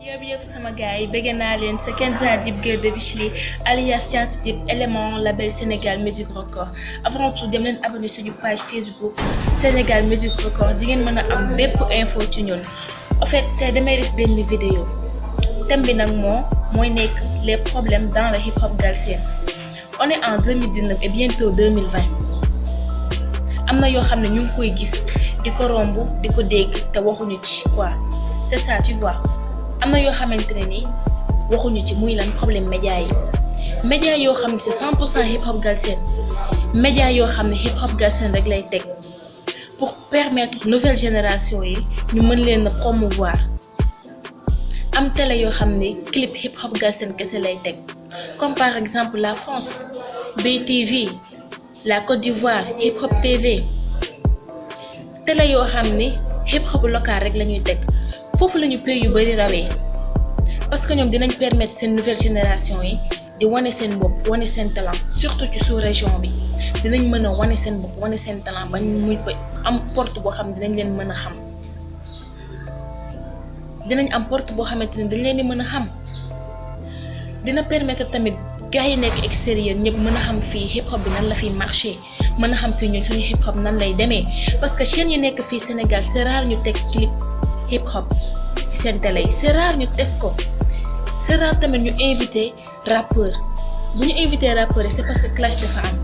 yëpp yëpp sama gars yi bëgg naa c'est Kenza Dip Gueule de Bichli alias Thiatou Dip élément label Sénégal Music Record avant tout dem leen abonné suñu page Facebook Sénégal Music Record di ngeen mën a am bépp info ci ñun en fait tey damay def benn vidéo thème bi nag moo mooy les problèmes dans le hip hop galsen on est en 2019 et bientôt 2020 Amna yo yoo ñu ngi koy gis diko rombu diko di té waxu ñu ci quoi c'est ça tu vois. Nous yo entraîné, xamante de ni waxuñu ci muy lan problème média yi média yo 100 hip hop galsen média yo sont hip hop galsen rek lay techs pour permettre nouvelle génération yi ñu mën leen promouvoir am télé yo xam clip hip hop galsen kese lay tech. comme par exemple la France BTV la Côte d'Ivoire hip hop TV télé yo des hip hop local rek les techs fofu lañu ñu pays yu bari rawee parce que ñoom dinañ permettre seen nouvelle génération yi di wane seen bopp wane seen talent surtout ci sous région bi dinañ mën a wane seen bopp wane seen talent bañ muy ba am porte boo xam dinañ leen mën a xam dinañ am porte boo xamante ne dañ leen di mën a xam dina permettre tamit gars yi nekk extérieur ñëpp mën a xam fii hip hop bi nan la fiy marché mën a xam fii ñun suñu hip hop nan lay demee parce que chaîne yi nekk fii Sénégal c'est rare ñu teg clip hip hop ci seen télé yi c'est rare ñu def ko c'est rare tamit ñu invité rappeur bu ñu invité rappeur c'est parce que clash dafa am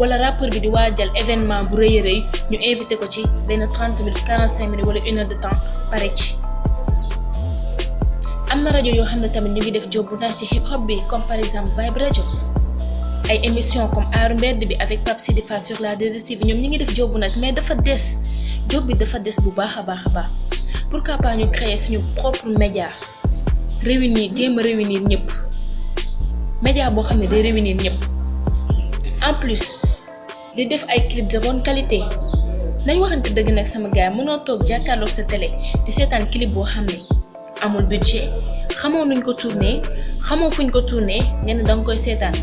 wala rappeur bi di waajal événement bu rëy a rëy ñu invité ko ci benn trente minutes quarante minutes wala une heure de temps pare ci. am na rajo yoo xam ne tamit ñu ngi def job bu ci hip hop bi comme par exemple Vibe radio ay émissions comme aaru mbedd bi avec pap sidifa sur la 2STV ñoom ñu ngi def job bu ndax mais dafa des job bi dafa des bu baax a baax a baax pourquoi pas ñu créer suñu propre média réunir jéem a réunir ñëpp média boo xam ne day réunir ñëpp en plus di def ay clip de bonne qualité nañ waxante dëgg nag sama gars mënoo toog jàkkaarloo sa télé di seetaan clip boo xam ne amul budget xamoo nuñ ko tourné xamoo fuñ ko tourné nga ne danga koy seetaan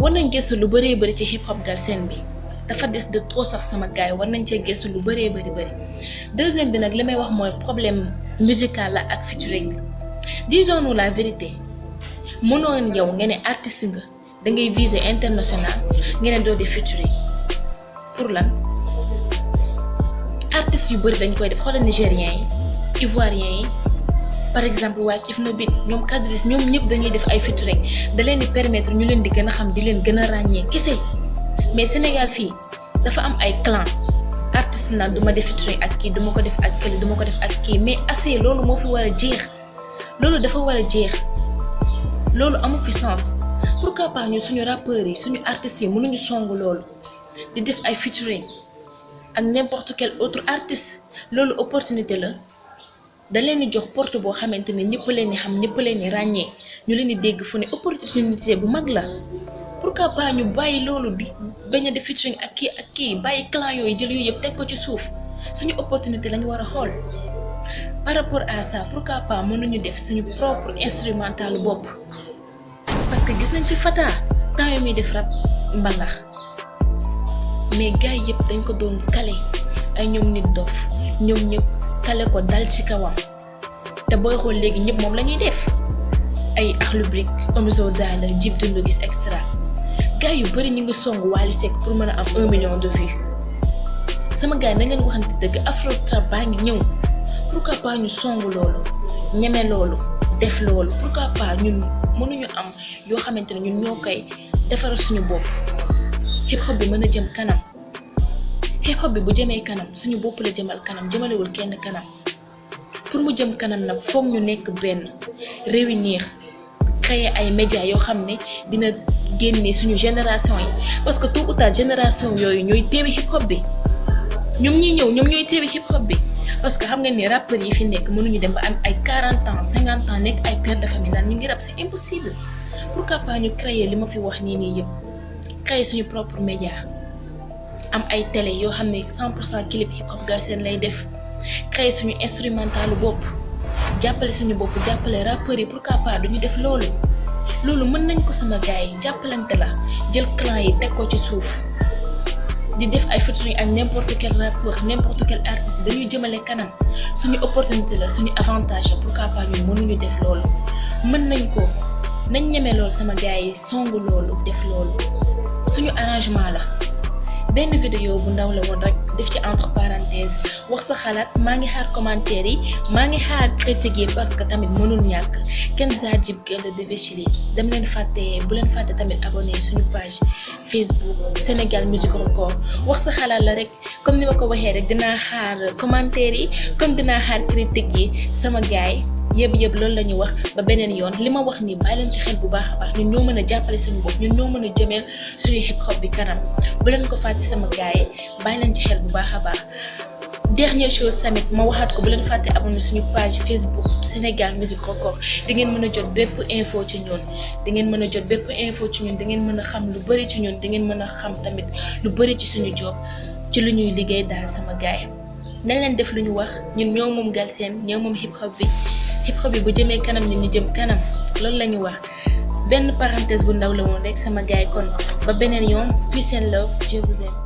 war nañ gëstu lu bëree bëri ci hip hop gal Galsen bi. dafa des de trop sax sama gars yi war nañ cee gëstu lu bëree bëri bëri deuxième bi nag li may wax mooy problème musical la ak featuring di disons-nous la vérité mënoon yow nga ne artiste nga da ngay viser international nga ne doo di featuring pour lan artistes yu bëri dañ koy def xoolal nigériens yi ivoiriens yi par exemple waa Kif No Beat ñoom Kadris ñoom ñëpp dañuy def ay featuring da leen di permettre ñu leen di gën a xam di leen gën a ràññee kese. mais Sénégal fi dafa am ay clan artiste n'a duma def featuring ak ki duma ko def ak kële duma ko def ak ki mais assez lolu mo fi wara a jeex dafa wara a jeex loolu amu fi sens pourquoi pas ñu suñu rappeurs yi suñu artistes yi mënuñu song lolu di def ay featuring ak n'importe quel autre artiste lolu opportunité la da leen di jox porte boo xamante ne ñëpp leen di xam ñëpp leen di ràññee ñu leen di dégg fu ne opportunité bu mag la pourquoi pas ñu bàyyi loolu di bañ a def featuring ak kii ak kii bàyyi clan yooyu jël yooyu yëpp teg ko ci suuf suñu opportunité lañu war a xool par rapport à ça pourquoi pas mënuñu def suñu propre instrumentalu bopp parce que gis nañ fi Fata temps yu muy def rap mbalax mais gars yëpp dañ ko doon kale ay ñoom nit dof ñoom ñëpp kale ko dal ci kawam te booy xool léegi ñëpp moom la ñuy def ay axlu brique Omzo Dollar Dip Doundou Guiss extra gars yu bëri ñu ngi song Wally Seck pour mën a am un million de vues sama gars na leen waxante dëgg afro trap baa ngi ñëw pourquoi pas ñu song loolu ñeme loolu def loolu pourquoi pas ñun mënuñu am yoo xamante ne ñun ñoo koy defaral suñu bopp hip hop bi mën a jëm kanam hip hop bi bu jëmee kanam suñu bopp la jëmal kanam jëmalewul kenn kanam pour mu jëm kanam nag foog ñu nekk benn réunir. créer ay médias yoo xam ne dina génne suñu génération yi parce que tout ou tard génération yooyu ñooy teewi hip hop bi ñoom ñuy ñëw ñoom ñooy teewi hip hop bi parce que xam nga ni rappeurs yi fi nekk mënuñu dem ba am ay 40 ans 50 ans nekk ay pères de famille naan ñu ngi rap c'est impossible pourquoi pas ñu créer li ma fi wax nii nii yëpp créer suñu propre média am ay télé yoo xam ne 100 pour cent clip hip hop Galsen lay def créer suñu instrumental bopp. jàppale suñu bopp jàppale rappeur yi pour pourquoi pas duñu def loolu loolu mën nañ ko sama gars yi jàppalante la jël clan yi teg ko ci suuf di def ay featuring ak n'importe quel rappeur n'importe quel artiste dañuy jëmale kanam suñu opportunité la suñu avantage la pourquoi pas ñu mënuñu def loolu mën nañ ko nañ ñeme loolu sama gars yi songu loolu def loolu suñu arrangement la benn vidéo bu ndaw la woon rek def ci entre parenthèse wax sa xalaat maa ngi xaar commentaire yi maa ngi xaar critique yi parce que tamit mënul ñàkk Kenza Djib Gueule de Véchili dem leen fàtte bu leen fàtte tamit abonné suñu page Facebook Sénégal Musique Record wax sa xalaat la rek comme ni ma ko waxee rek dinaa xaar commentaire yi comme dinaa xaar critique yi sama gaay yëpp yëpp loolu la ñu wax ba beneen yoon li ma wax ni bàyyi leen ci xel bu baax a baax ñun ñoo mën a jàppale suñu bopp ñun ñoo mën a jëmeel suñu hip hop bi kanam leen ko fàtte sama gaay yi bàyyi leen ci bu baax a baax dernière chose tamit ma waxaat ko bu leen fàtte abonné suñu page Facebook Sénégal Musique Record di ngeen mën a jot bépp info ci ñun di mën a jot bépp info ci ñun di ngeen mën a xam lu bëri ci ñun di ngeen mën a xam tamit lu bëri ci suñu job ci lu ñuy liggéey daal sama gaay nañ leen def lu ñu wax ñun ñoo moom Galsen ñoo moom hip hop bi hip hop bi bu jëmee kanam ni ñu jëm kanam loolu la ñu wax benn parenthèse bu ndaw la woon rek sama gaay kon ba beneen yoon peace love je vous aime